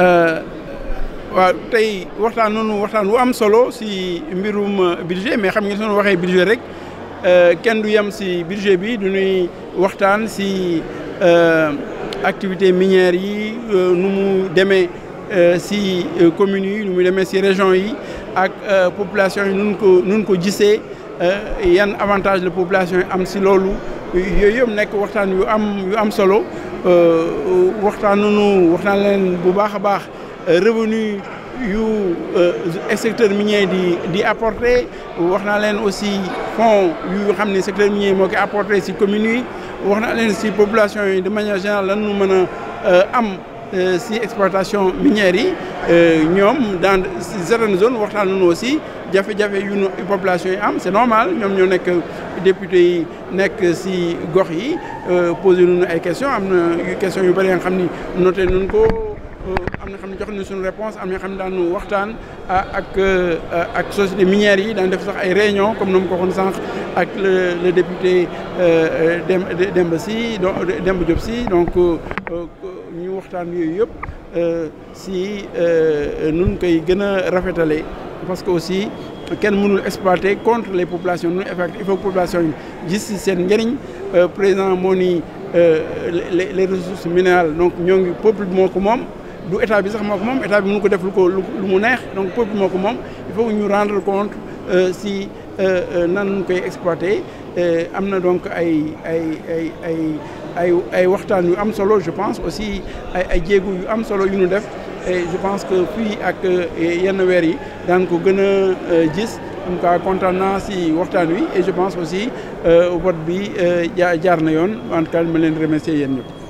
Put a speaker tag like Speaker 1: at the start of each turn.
Speaker 1: Euh, waaw tey waxtaan noonu waxtaan wu am solo si mbirum budget mais xam nga suñu waxee budget rek euh, kenn du yem si budget bi du ñuy waxtaan si euh, activité minière yi nu mu demee si communes yi nu mu demee si région yi ak population yi nun ko nun ko gisee yan avantage la population yi am si loolu yooyu yëpp nekk waxtaan yu am yu am solo euh, waxtaanunu waxtaan leen bu baax a baax revenu yu euh, secteur minier di di apporter wax naa leen aussi fonds yu xam ne secteur minier moo koy apporter ci communes yi wax naa leen yi de manière générale lan nu mën a euh, am Euh, si expoitation minière yi euh, ñoom dans certaines zones waxtaan nañu aussi jafe-jafe yu nu population yi am c'est normal ñoom ñoo nekk député yi nekk si gox yi nu euh, nañu ay question am na question yu bëri nga xam ni noté nañu ko am na xam ne jox nañu suñu réponse am na xam ne daanu waxtaan ak ak société minière yi daan def sax ay réunion comme nu mu ko waxoon sànq ak le le député Demba Demba Sy Demba Diop Sy donc. ñu waxtaan yooyu yëpp euh, si euh, nun koy gën a rafetale parce que aussi kenn mënul exploiter contre les populations nun effect il faut population yi gis si seen njëriñ euh, président moo nii ni les ressources minérales donc ñoo ngi peuple moo ko moom du état bi sax moo ko moom état bi mënu ko def lu ko lu mu neex donc peuple moo ko moom il faut ñu rendre compte si nan koy exploiter am na donc ay ay ay ay ay ay waxtaan yu am solo je pense aussi ay ay jéego yu am solo yu ñu def et je pense que fii ak euh, yenn weer yi daan ko gën a euh, gis en tout cas si waxtaan wi et je pense aussi euh, vote bi jaar na yoon en tout cas ma leen remercier yéen ñëpp.